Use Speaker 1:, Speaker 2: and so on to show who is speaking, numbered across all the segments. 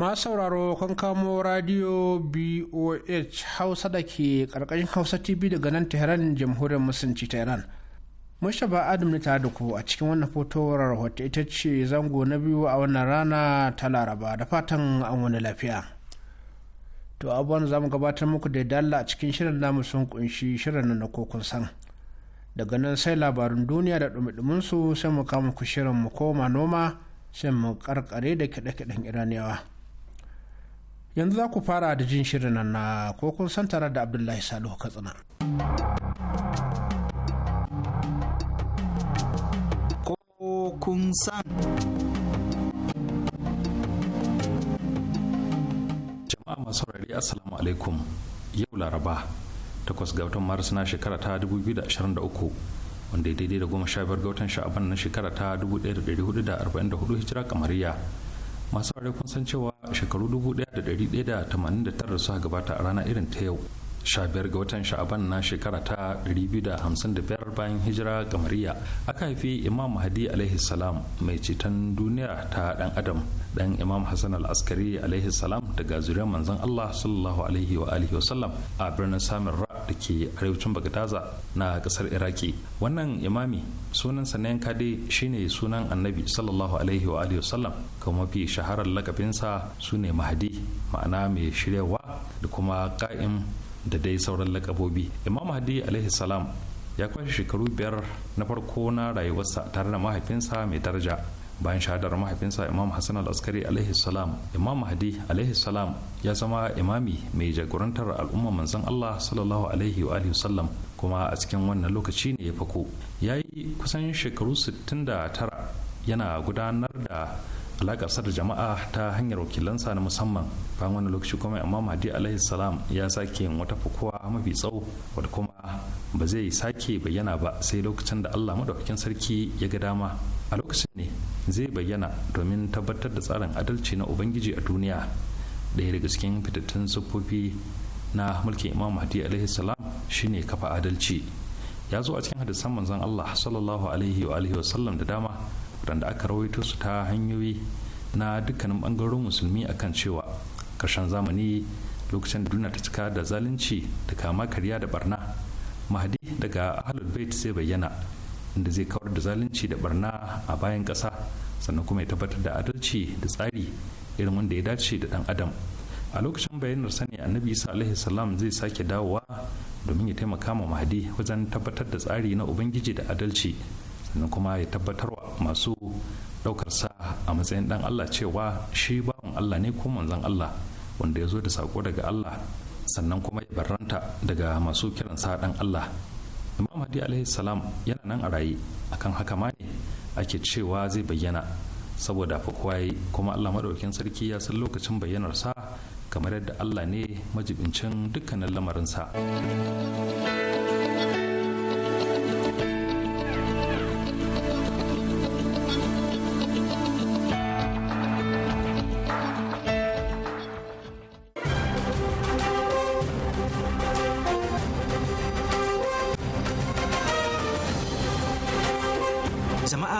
Speaker 1: masu sauraro kan kamo radio boh hausa da ke karkashin hausa tv daga nan tehran jamhuriyar musulunci ta iran ba adam ne tare da ku a cikin wannan fotowar rahoto ita ce zango na biyu a wannan rana ta laraba da fatan an wani lafiya to abubuwan za mu gabatar muku da dalla a cikin shirin namu sun kunshi shirin na kokun san daga nan sai labarin duniya da dumi su sai mu kama ku shirin mu koma noma sai mu karkare da kiɗe-kiɗen iraniyawa yanzu za ku fara da jin shirin nan na ko kun san tare da abdullahi salihu katsina ko kun san
Speaker 2: jama'a masu rari assalamu alaikum yau laraba takwas ga watan maris na shekara ta 2023 wanda daidai da goma sha biyar ga watan sha'aban na shekara ta 1444 hijira kamariya masu ware kun san cewa shekaru 1189 suka gabata a rana irin ta yau 15 ga watan sha'aban na shekara ta 255 bayan hijira kamariya aka haifi imam mahdi alaihi salam mai ceton duniya ta dan adam dan imam hassan al-askari alaihi salam daga zuriyar manzon allah sallallahu alaihi wa alihi a birnin samin da ke arewacin bagdaza na kasar iraki wannan imami sunansa na shine sunan annabi sallallahu alaihi wa alihi wasallam kuma mafi shaharar lakabinsa su ne mahadi ma'ana mai shiryawa da kuma ka'im da dai sauran lakabobi imam mahadi alaihi salam ya kwashe shekaru biyar na farko na rayuwarsa tare da mahaifinsa mai daraja bayan shahadar mahaifinsa imam hassan al-askari alaihi salam imam hadi- alaihi salam ya zama imami mai jagorantar al'umma manzon allah sallallahu alaihi wa alihi sallam kuma a cikin wannan lokaci ne ya fako ya yi kusan shekaru 69 yana gudanar da alakarsa da jama'a ta hanyar wakilansa na musamman bayan wani lokaci kuma imam hadi alaihi salam ya sake wata fukuwa mafi tsawo wadda kuma ba zai sake bayyana ba sai lokacin da allah madaukakin sarki ya ga dama a lokacin ne zai bayyana domin tabbatar da tsarin adalci na ubangiji a duniya ɗaya daga cikin fitattun siffofi na mulkin imam mahdi alaihi salam shine kafa adalci ya zo a cikin hadisan manzon allah sallallahu alaihi wa alihi wasallam da dama waɗanda aka rawaito su ta hanyoyi na dukkanin ɓangarorin musulmi akan cewa ƙarshen zamani lokacin duniya ta cika da zalunci da kama karya da barna mahdi daga ahlul bait sai bayyana inda zai kawar da zalunci da barna a bayan ƙasa sannan kuma ya tabbatar da adalci da tsari irin wanda ya dace da ɗan adam a lokacin bayanar sani annabi isa alaihi salam zai sake dawowa domin ya taimaka ma mahadi wajen tabbatar da tsari na ubangiji da adalci sannan kuma ya tabbatar wa masu ɗaukar sa a matsayin ɗan allah cewa shi bawan allah ne ko manzon allah wanda ya zo da sako daga allah sannan kuma ya barranta daga masu kiransa ɗan allah imam hadi alaihi salam yana nan a raye akan haka ma ne ake cewa zai bayyana saboda fakwaye kuma allah maɗaukin sarki ya san lokacin bayyanarsa kamar yadda allah ne majibincin dukkanin lamarinsa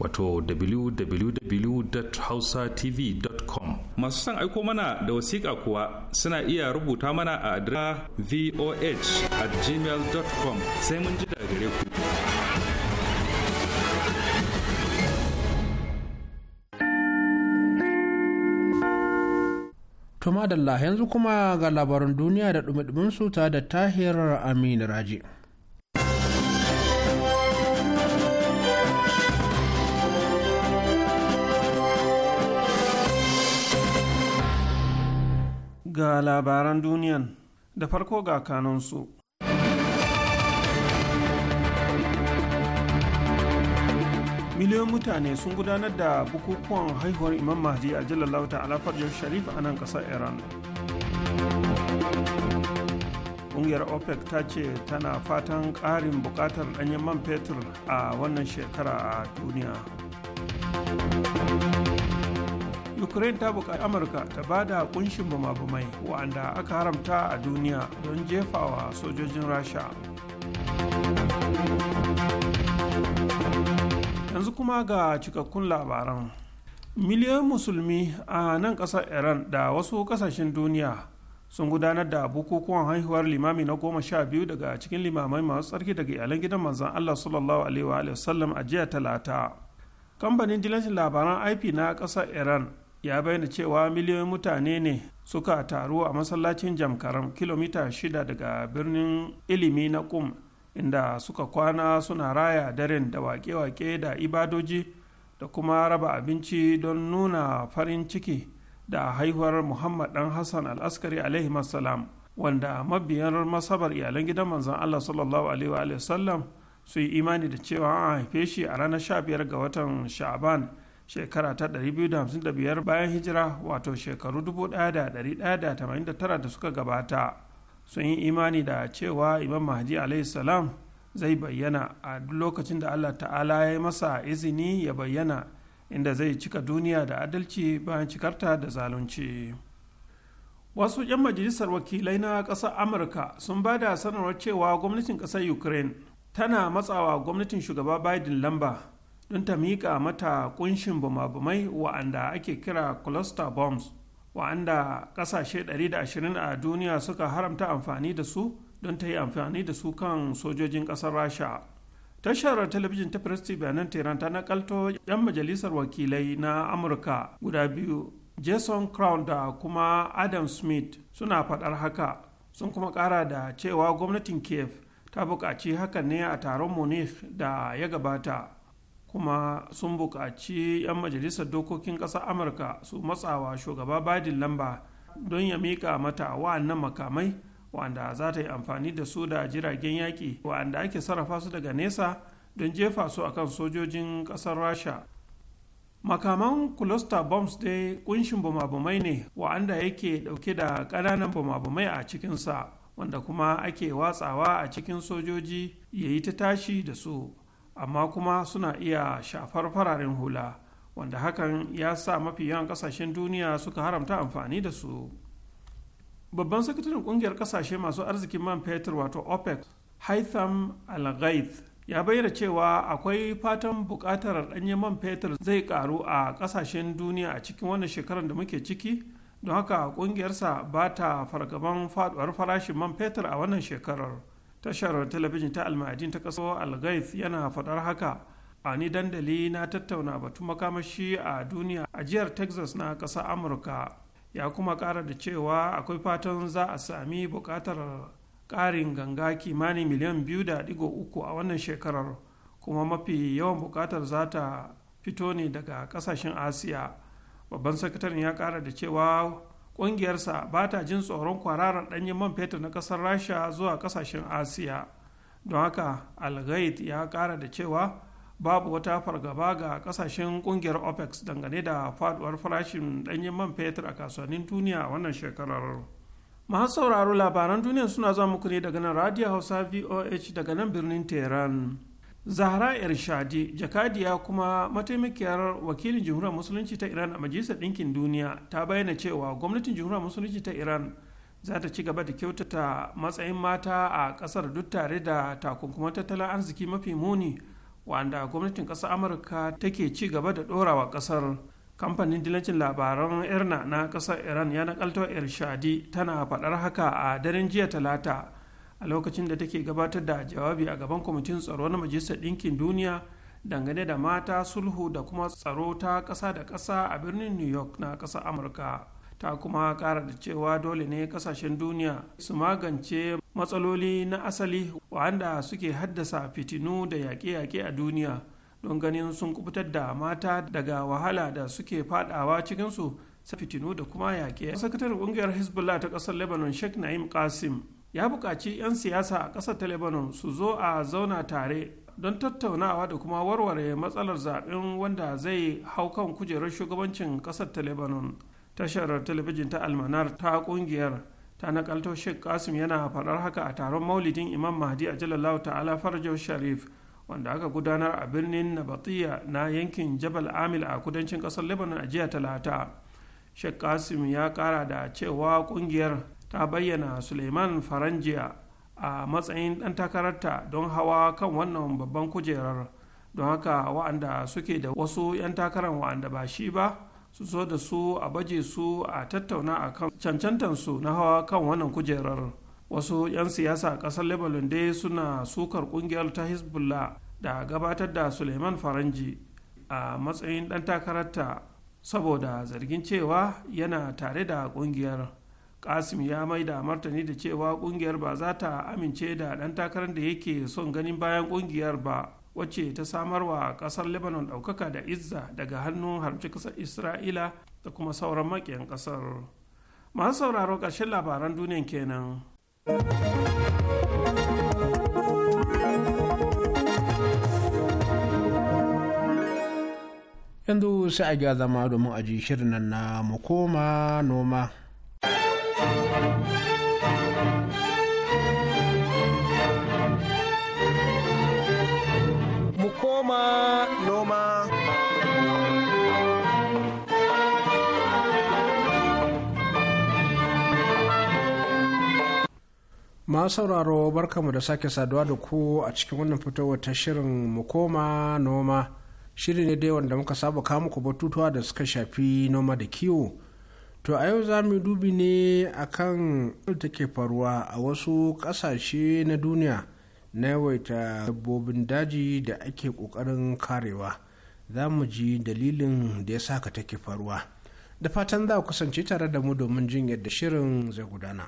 Speaker 2: wato www.hausatv.com masu son aiko mana da wasiƙa kuwa suna iya rubuta mana a adira voh at gmail.com sai mun ji da gare ku
Speaker 1: Tuma da yanzu kuma ga labarin duniya da dumi su ta da tahirar amin raji.
Speaker 3: ga labaran duniyan da farko ga kanunsu. miliyoyin mutane sun gudanar da bukukuwan haihuwar imam mahdi a jalallahu ta'ala sharif a nan kasar iran ƙungiyar opec ta ce tana fatan ƙarin buƙatar ɗanyen man fetur a wannan shekara a duniya ukraine ta buƙaci amurka ta ba da kunshin bamai wa'anda aka haramta a duniya don jefawa sojojin rasha yanzu kuma ga cikakkun labaran miliyoyin musulmi a nan ƙasar iran da wasu ƙasashen duniya sun gudanar da bukukuwan haihuwar limami na goma sha biyu daga cikin limamai masu tsarki daga iyalan gidan manzan allah sallallahu alaihi wa sallam a jiya talata kamfanin dilancin labaran ip na ƙasar iran ya bayyana cewa miliyoyin mutane ne suka taru a masallacin jamkaram kilomita shida daga birnin ilimi na kum inda suka kwana suna raya daren da wake-wake da ibadoji da kuma raba abinci don nuna farin ciki da haihuwar muhammad dan hassan al-askari alaihi wanda mabiyan masabar iyalan gidan manzon allah sallallahu alaihi wa sallam su yi imani da cewa an haife shi a ranar 15 ga watan sha'aban shekara ta 255 bayan hijira wato shekaru 1189 da suka gabata sun yi imani da cewa imam mahdi salam zai bayyana a duk lokacin da allah ta'ala ya yi masa izini ya bayyana inda zai cika duniya da adalci bayan cikarta da zalunci wasu 'yan majalisar wakilai na ƙasar amurka sun ba da sanarwar cewa gwamnatin ƙasar ukraine tana matsawa gwamnatin shugaba biden lamba don ta miƙa mata ƙunshin bama-bamai wa'anda ake kira cluster bombs wa'anda ƙasashe 120 a duniya suka haramta amfani da su don ta yi amfani da su kan sojojin ƙasar rasha tashar talabijin ta press bayanan nan tehran ta nakalto 'yan majalisar wakilai na amurka guda biyu jason crown da kuma adam smith suna faɗar haka sun kuma ƙara da cewa gwamnatin kiev ta buƙaci hakan ne a taron munich da ya gabata kuma sun buƙaci 'yan majalisar dokokin ƙasar amurka su matsawa shugaba biden lamba don ya miƙa mata wa'annan makamai wanda za ta yi amfani da su da jiragen yaƙi wanda ake sarrafa su daga nesa don jefa su akan sojojin ƙasar rasha makaman cluster bombs dai kunshin bumabumai ne wa'anda yake dauke da ƙananan bumabumai a cikinsa wanda kuma ake watsawa a cikin sojoji ya yi ta tashi da su amma kuma suna iya shafar fararen hula wanda hakan ya sa mafi yawan kasashen duniya suka haramta amfani da su babban sakataren kungiyar kasashe masu arzikin man fetur wato opec haitham al ya bayyana cewa akwai fatan buƙatar ɗanyen man fetur zai ƙaru a kasashen duniya a cikin wannan shekarar da muke ciki don haka kungiyarsa ba ta fargaban faɗuwar farashin man fetur a wannan shekarar tashar talabijin ta alma'adin ta kaso algaith yana faɗar haka a ni dandali na tattauna batun makamashi a duniya a jihar texas na ƙasa amurka ya kuma ƙara da cewa akwai fatan za a sami buƙatar ƙarin ganga kimanin miliyan biyu da digo uku a wannan shekarar kuma mafi yawan buƙatar za ta fito ne daga ƙasashen asiya babban sakataren ya ƙara da cewa ƙungiyarsa ba ta jin tsoron kwararar ɗanyen man fetur na ƙasar rasha zuwa ƙasashen asiya don haka algait ya kara da cewa babu wata fargaba ga ƙasashen ƙungiyar opex dangane da faduwar farashin ɗanyen man fetur a kasuwannin duniya wannan shekarar masu sauraro labaran duniya suna zuwa muku ne daga nan radio hausa voh daga nan birnin tehran zahra irshadi jakadiya kuma mataimakiyar wakilin jamhuriyar musulunci ta iran a majalisar ɗinkin duniya ta bayyana cewa gwamnatin jamhuriyar musulunci ta iran za ta ci gaba da kyautata matsayin mata a ƙasar duk tare da takunkuman tattalin arziki mafi muni wanda gwamnatin ƙasar amurka take ci gaba da ɗorawa ƙasar kamfanin dilancin labaran irna na ƙasar iran ya nakalto irshadi tana faɗar haka a daren jiya talata a lokacin da take gabatar da jawabi a gaban kwamitin tsaro na majalisar ɗinkin duniya dangane da mata sulhu da kuma tsaro ta ƙasa da ƙasa a birnin new york na ƙasar amurka ta kuma ƙara da cewa dole ne ƙasashen duniya su magance matsaloli na asali wanda suke haddasa fitinu da yaƙe-yaƙe a duniya don ganin sun kubutar da mata daga wahala da suke fadawa cikinsu fitinu da kuma yaƙe. sakataren ƙungiyar hezbollah ta ƙasar lebanon sheikh na'im qasim ya buƙaci 'yan siyasa a ƙasar ta lebanon su zo a zauna tare don tattaunawa da kuma warware matsalar zaɓen wanda zai hau kan kujerar shugabancin ƙasar ta lebanon tashar talabijin ta almanar ta ƙungiyar ta nakalto sheikh kasim yana faɗar haka a taron maulidin imam mahdi a ta ta'ala farjo sharif wanda aka gudanar a birnin nabatiya na yankin jabal amil a kudancin ƙasar lebanon a jiya talata sheikh kasim ya ƙara da cewa ƙungiyar ta bayyana suleiman faranjiya a matsayin ɗan takararta don hawa kan wannan babban kujerar don haka wa'anda suke da wasu 'yan takarar wa'anda ba shi ba su so da su a baje su a tattauna a kan cancantansu na hawa kan wannan kujerar wasu 'yan siyasa ƙasar lebanon dai suna sukar ƙungiyar ta hezbollah da gabatar da suleiman faranji a matsayin ɗan takararta saboda zargin cewa yana tare da ƙungiyar kasim ya mai da martani da cewa kungiyar ba za ta amince da ɗan takarar da yake son ganin bayan kungiyar ba wacce ta samar wa ƙasar lebanon ɗaukaka da izza daga hannun harci kasar isra'ila da kuma sauran maƙiyan kasar masu sauraro ƙarshen labaran duniyan kenan
Speaker 1: yanzu sai a ga zama domin aji shirin nan na mu koma noma Mu koma
Speaker 4: noma.
Speaker 1: masu sauraro barkamu da sake saduwa da ku a cikin wannan fitowar ta shirin mu koma noma shiri ne dai wanda muka saba kamuku batutuwa da suka shafi noma da kiwo To a yau za mu dubi ne a kan da take faruwa a wasu ƙasashe na duniya na yawaita dabbobin daji da ake ƙoƙarin karewa. Za mu ji dalilin da ya saka take faruwa. Da fatan za ku kasance tare da mu domin jin yadda shirin zai gudana.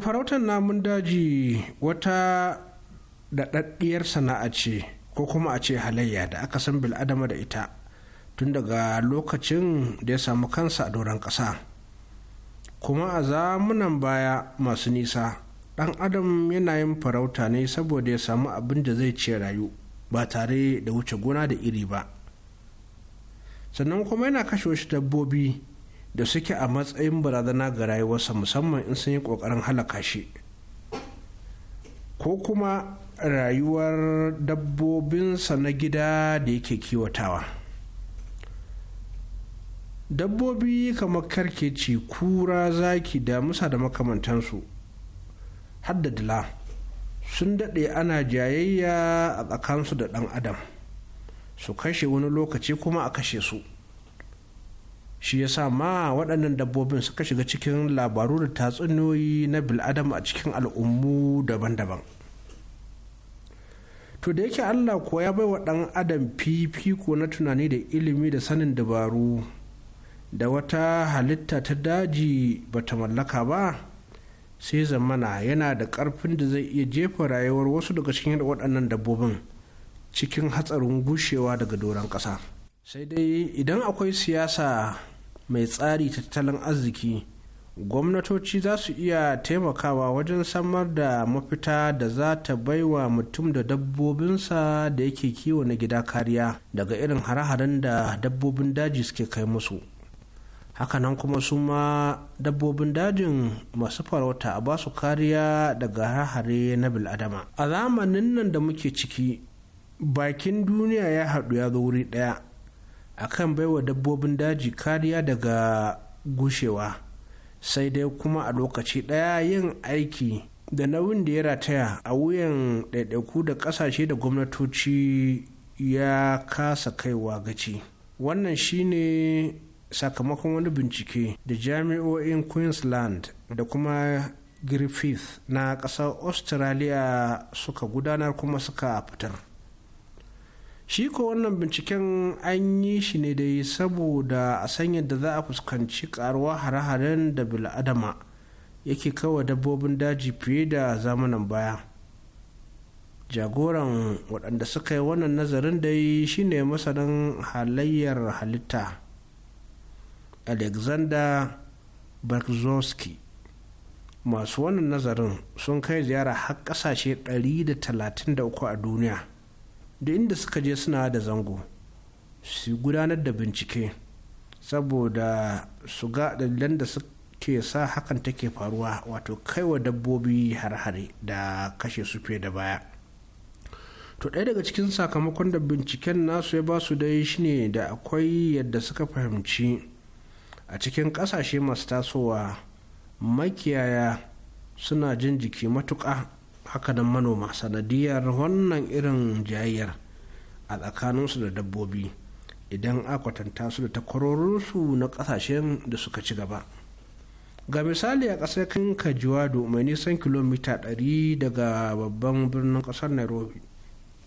Speaker 1: farautar namun daji wata daɗaɗɗiyar sana'a ce ko kuma a ce halayya da aka san bil'adama da ita tun daga lokacin da ya samu kansa a doron ƙasa. Kuma a zamunan baya masu nisa ɗan adam yana yin farauta ne saboda ya samu abin da zai ce rayu ba tare da wuce gona da iri ba. Sannan kuma yana kashe wasu dabbobi. da suke a matsayin barazana ga rayuwarsa musamman in sun yi ƙoƙarin halaka shi ko kuma rayuwar dabbobinsa na gida da yake kiwatawa dabbobi kamar karkeci kura zaki da musa da makamantansu haddadila sun daɗe ana jayayya a tsakansu da ɗan adam su kashe wani lokaci kuma a kashe su shi ya sa ma waɗannan dabbobin suka shiga cikin labaru da tatsuniyoyi na bil'adam a cikin al'ummu daban-daban to da yake allah ko ya bai wa ɗan adam fifiko na tunani da ilimi da sanin dabaru da wata halitta ta daji ba ta mallaka ba sai zamana yana da ƙarfin da zai iya jefa rayuwar wasu daga cikin waɗannan dabbobin cikin hatsarin gushewa daga doron ƙasa sai dai idan akwai siyasa mai tsari tattalin arziki gwamnatoci za su iya taimakawa wajen samar da mafita da za ta wa mutum da dabbobinsa da yake kiwo na gida kariya daga irin hare-haren da dabbobin daji suke kai musu hakanan kuma su ma dabbobin dajin masu farauta a basu kariya daga hare-hare na biladama a zamanin nan da muke ciki bakin duniya ya haɗu ya zo wuri ɗaya a kan baiwa dabbobin daji kariya daga gushewa sai dai kuma a lokaci ɗaya yin aiki da nauyin da ya rataya a wuyan ɗaiɗaiku da ƙasashe da gwamnatoci ya kasa kaiwa gaci wannan shine sakamakon wani bincike da jami'o'in queensland da kuma griffith na ƙasar australia suka gudanar kuma suka fitar shi ko wannan binciken an yi shi ne dai saboda a san yadda za a fuskanci karuwa hare-haren da bil'adama yake kawo dabbobin daji fiye da zamanin baya jagoran waɗanda suka yi wannan nazarin da dai shine masanin halayyar halitta alexander berkzowski masu wannan nazarin sun kai ziyara har ƙasashe 133 a duniya da inda suka je suna da zango su gudanar da bincike saboda su ga dalilan da suke sa hakan take faruwa wato kaiwa dabbobi har-hare da kashe su fiye da baya to ɗaya daga cikin sakamakon da binciken nasu ya basu dai shine da akwai yadda suka fahimci a cikin ƙasashe masu tasowa makiyaya suna jin jiki matuƙa hakanan manoma sanadiyar wannan irin jayayyar a tsakaninsu da dabbobi idan akwatanta su da takwarorinsu na kasashen da suka ci gaba ga misali a ƙasar kajiwado mai nisan kilomita 100 daga babban birnin ƙasar nairobi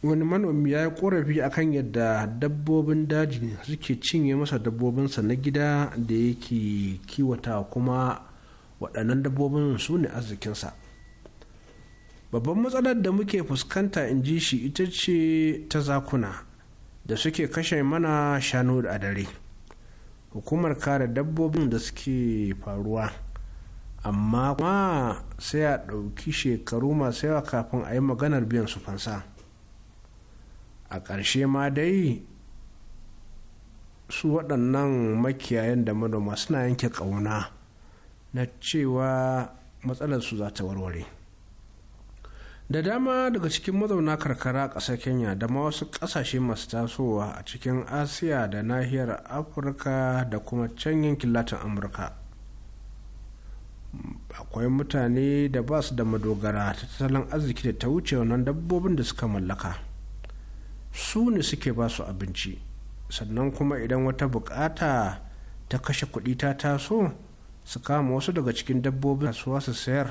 Speaker 1: wani manomi ya yi korafi kan yadda dabbobin daji suke cinye masa dabbobinsa na gida da yake kiwata kuma waɗannan dabbobin su ne arzikinsa babban matsalar da muke fuskanta in ji shi ita ce ta zakuna da suke kashe mana shanu a dare hukumar kare dabbobin da suke faruwa amma kuma sai a ɗauki shekaru masu yawa kafin a yi maganar biyan su fansa a ƙarshe ma dai su waɗannan makiyayan da manoma suna yanke ƙauna na cewa matsalar su za ta warware. da dama daga cikin mazauna karkara a ƙasar kenya da ma wasu ƙasashe masu tasowa a cikin asiya da nahiyar afirka da kuma can yankin latin amurka akwai mutane da ba su da madogara ta tattalin arziki da ta wuce wannan dabbobin da suka mallaka su ne suke ba su abinci sannan kuma idan wata bukata ta kashe kuɗi ta taso su kama wasu daga cikin dabbobin kasuwa su sayar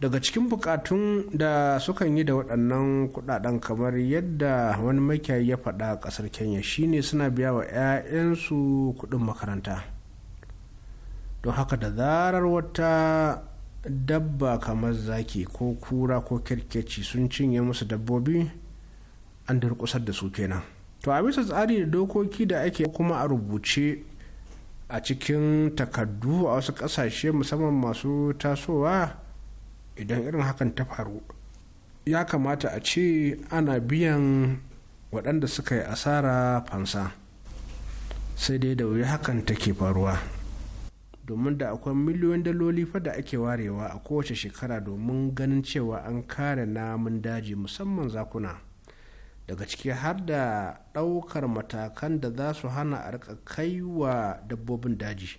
Speaker 1: daga cikin bukatun da sukan yi da waɗannan kudaden kamar yadda wani makiyayi ya faɗa ƙasar kenya shine suna biya wa 'ya'yansu kuɗin makaranta don haka da zarar wata dabba kamar zaki ko kura ko kirkeci sun cinye musu dabbobi an durƙusar da su kenan to a bisa tsari da dokoki da ake kuma a rubuce a cikin takardu a wasu ƙasashe musamman masu tasowa idan irin hakan ta faru ya kamata a ce ana biyan waɗanda suka yi asara fansa sai dai da wuya hakan take faruwa domin da akwai miliyoyin daloli fa da ake warewa a kowace shekara domin ganin cewa an kare namun daji musamman zakuna daga ciki har da ɗaukar matakan da za su hana a kai wa dabbobin daji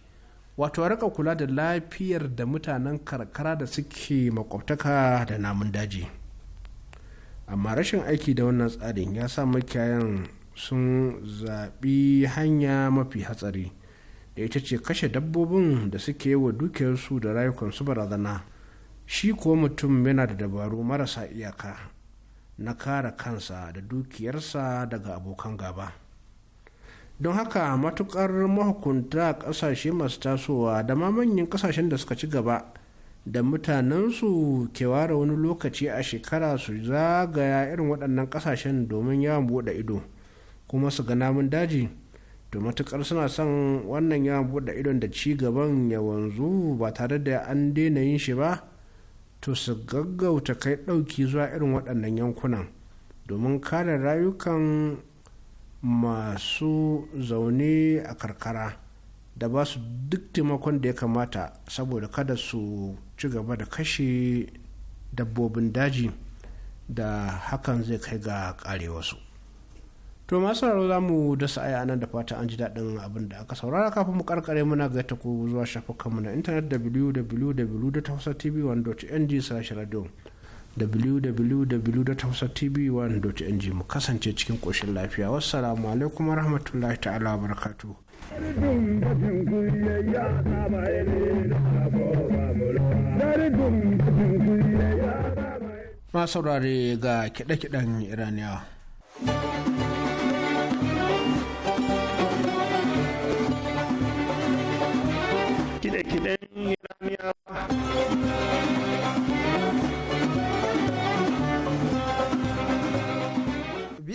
Speaker 1: wato rika kula da lafiyar da mutanen karkara da suke makwabtaka da namun daji amma rashin aiki da wannan tsarin ya sa makiyayan sun zaɓi hanya mafi hatsari da ita ce kashe dabbobin da suke yi wa dukiyarsu da rayukansu barazana shi ko mutum yana da dabaru marasa iyaka na kare kansa da dukiyarsa daga abokan gaba don haka matukar mahukunta kasashe masu tasowa da ma manyan kasashen da suka ci gaba da mutanensu ke ware wani lokaci a shekara su zagaya irin waɗannan kasashen domin yawon buɗe ido kuma su ga namun daji to matukar suna son wannan yawon buɗe idon da ci gaban ya wanzu ba tare da an daina yin shi ba to su gaggauta kai ɗauki zuwa irin waɗannan yankunan domin kare rayukan masu zaune a karkara da ba su duk taimakon da ya kamata saboda kada su ci gaba da kashe dabbobin daji da hakan zai kai ga karewarsu. to masu raro za mu dasa aya nan da fata an ji daɗin abin da aka saurara kafin mu karkare muna ga ta ku zuwa shafukanmu na intanet www.hausatv1.ng/radio www.hausatv1.ng mu kasance cikin ƙoshin lafiya wassalamu alaikum warahmatullahi ta'ala barakatu ma saurare ga kiɗe-kiɗen iraniya kiɗe-kiɗen iraniya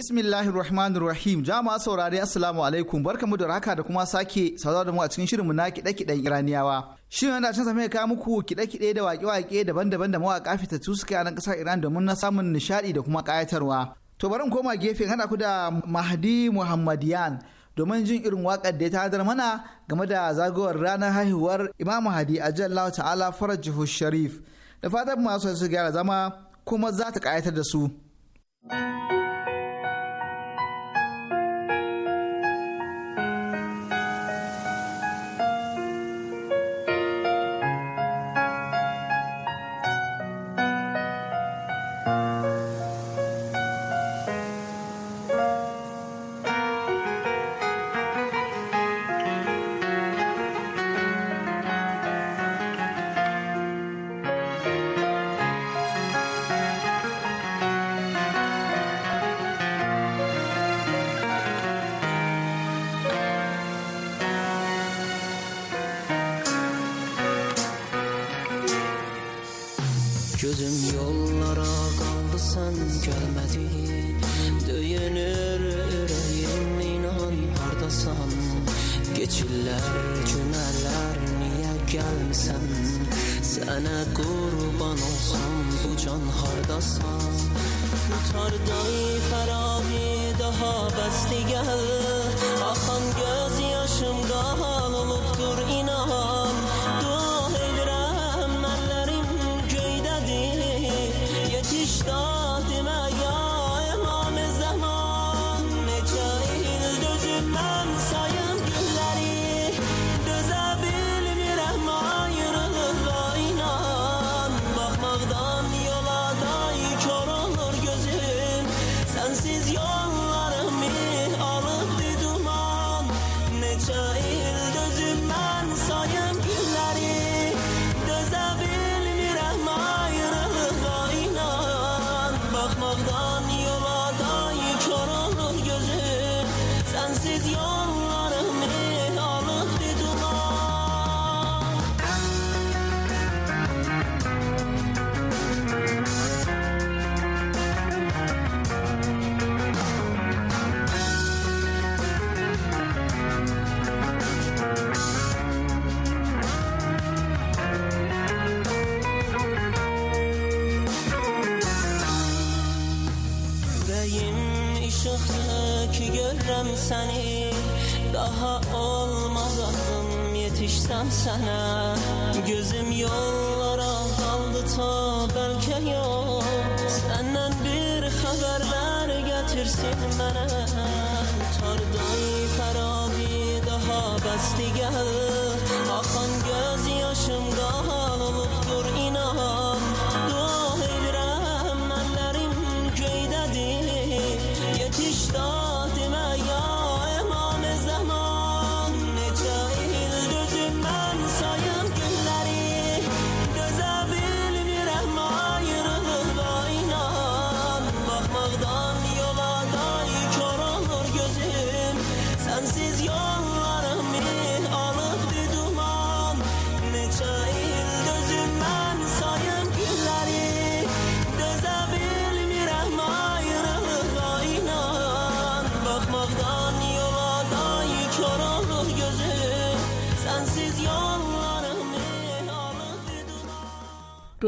Speaker 2: Bismillahir Rahmanir Rahim. Jama'a saurare Assalamu alaikum. Barkamu da raka da kuma sake sauwa da mu a cikin shirinmu na kiɗe-kiɗen Iraniyawa. Shin yana cin same ka muku kiɗe-kiɗe da waƙe-waƙe daban-daban da mawaƙa fitattu suka a nan ƙasar Iran domin na samun nishaɗi da kuma ƙayatarwa. To bari koma gefe haɗa ku da Mahdi Muhammadiyan domin jin irin waƙar da ya tanadar mana game da zagawar ranar haihuwar Imam Mahdi Ajallahu Ta'ala Farajihu Sharif. Da fatan masu su gyara zama kuma za ta ƙayatar da su. thank you
Speaker 5: Gözüm yollara kaldı sen gelmedin Döyünür yüreğim inan hardasan Geçiller cümleler niye gelmesen Sana kurban olsam bu can hardasan Tarday ferahi daha besti gel Akan gözyaşım gal olubdur inan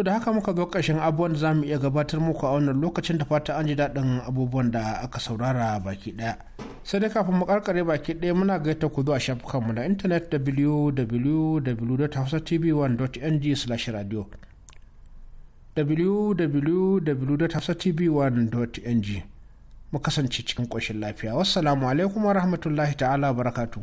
Speaker 1: da haka muka zo ƙarshen abubuwan da za mu iya gabatar muku a wannan lokacin da fata an ji daɗin abubuwan da aka saurara baki ɗaya. Sai dai kafin mu karkare baki ɗaya muna gaita ku zuwa mu na intanet www.hausatv1.ng/radio www.hausatv1.ng mu kasance cikin ƙoshin lafiya. Wassalamu alaikum wa rahmatullahi ta'ala barakatu.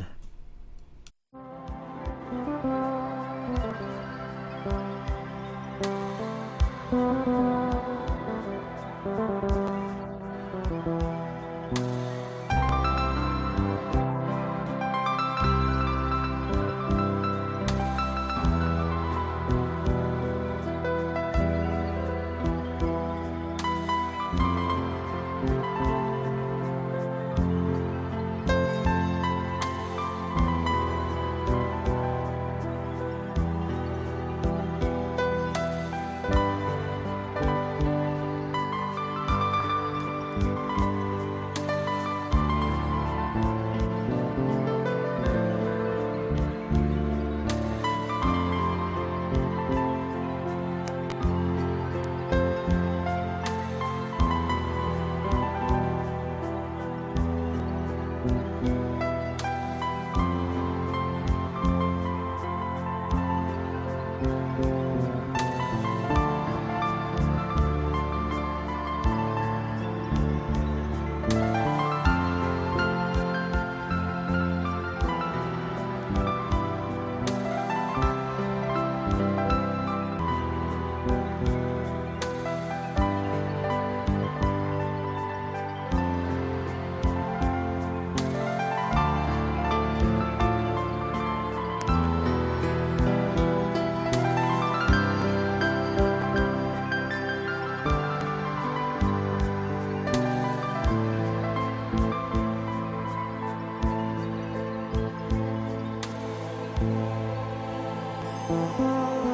Speaker 4: Música